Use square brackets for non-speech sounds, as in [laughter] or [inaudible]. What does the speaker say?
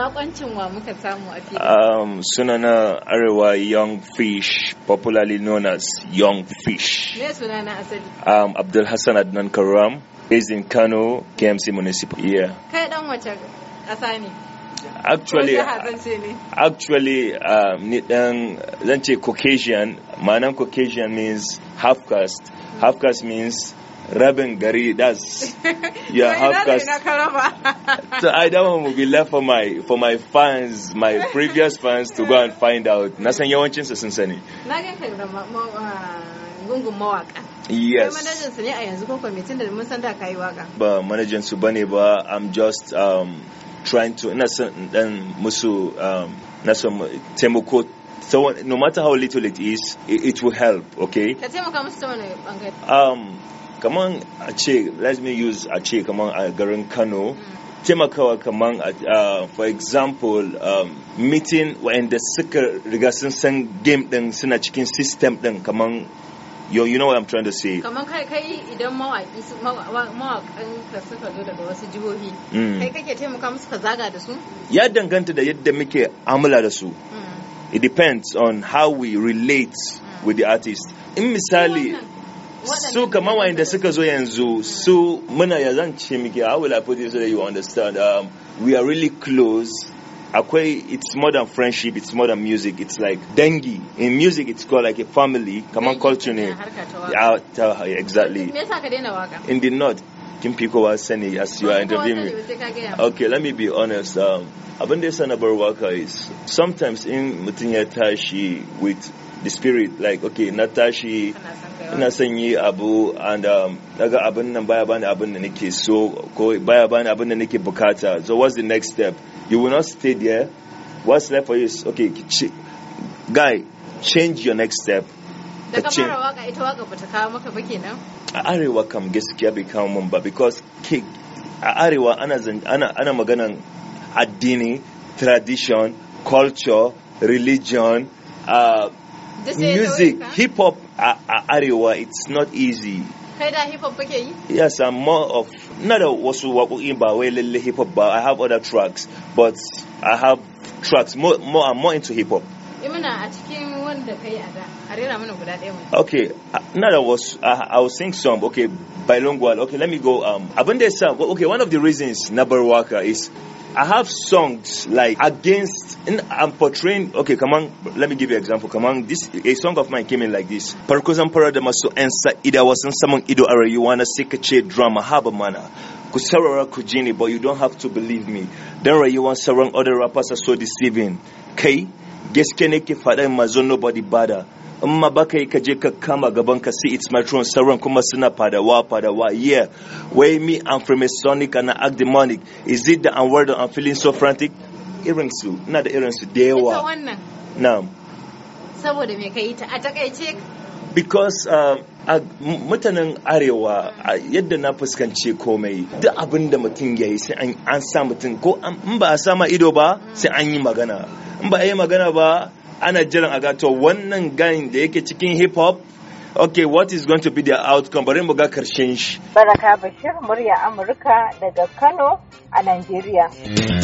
Bakoncin wa muka samu a filin? suna um, sunana Arewa Young Fish, popularly known as Young Fish. suna sunana asali? Um, Abdul Hassan Adnan Karam, based in Kano, KMC Municipal. Yeah. Kai dan wace ƙasa ne? actually actually um, ni dan zan ce caucasian ma'anan caucasian means half caste half caste means rabin gari das you have cast so I don't want to be left for my for my fans my [laughs] previous fans to go and find out na san yawancin su sun sani na ga kan gungun mawaka yes manajan su ne a yanzu ko kwamitin da mun san da kai waka ba manajan su bane ba I'm just um trying to ina son dan musu um na son taimako so no matter how little it is it, it will help okay ka taimaka musu ta wani bangare um kaman a ce let me use a ce kaman a garin kano taimakawa kaman for example um, meeting wa'anda suka riga sun san game din suna cikin system din kaman you, you know what I'm trying to say kamar kai kai idan mawaki mawakan ka suka zo daga wasu jihohi mm. kai kake taimaka musu ka zaga da su ya danganta da yadda muke amula da su mm. it depends on how we relate mm. with the artist in misali su kamar da suka zo yanzu su muna ya zan ce miki how ah, will I put it so that you understand um, we are really close akwai it's more than friendship it's more than music it's like dengi in music it's called like a family kamar culture ne ah, exactly me yasa ka daina waka in the north kin fi kowa sani as you are interviewing me okay let me be honest um, abin da yasa na bar waka is sometimes in mutum ya tashi with the spirit like okay na tashi ina son yi abu and daga um, abin nan baya bani abin da nake so ko baya bani abin da nake bukata so what's the next step you will not stay there what's left for you is okay guy change your next step Da daga fara waka ita waka bata kawo maka ba kenan a arewa kam gaskiya bai kawo mun ba because ke a arewa ana ana ana maganan addini tradition culture religion uh, music, hip hop a, a arewa it's not easy. hip hop Yes, I'm more of not a wasu waƙoƙin ba wai lalle hip hop but I have other tracks, but I have tracks more more I'm more into hip hop. wanda kai a da a okay ina da wasu ah, i will sing some okay bilingual okay let me go um abin da okay one of the reasons na bar is I have songs like against in, I'm portraying okay come on let me give you an example come on this a song of mine came in like this Farkozan da masu ensa ida wasan saman ido a rayuwa na sai ka ce drama haba mana ku kujini but you don't have to believe me dan rayuwan sauran other rappers are so deceiving okay? gaske ne ke faɗa ma nobody bada in ma baka yi kaje ka kama gaban ka see it's my throne sauran kuma suna fadawa fadawa yeah why me I'm freemasonic and I'm demonic is it that I'm worried I'm feeling so frantic irin su ina da irin su da yawa na'am saboda me ka yi ta a takaice because uh, a mutanen arewa yadda na fuskanci komai duk abin da mutum ya yi sai an sa mutum ko in ba a sama ido ba sai an yi magana in ba a yi magana ba ana jiran a gato wannan gain da yake cikin hip hop okay what is going to be the outcome bari mu ga karshen shi baraka bashir murya amurka daga kano a nigeria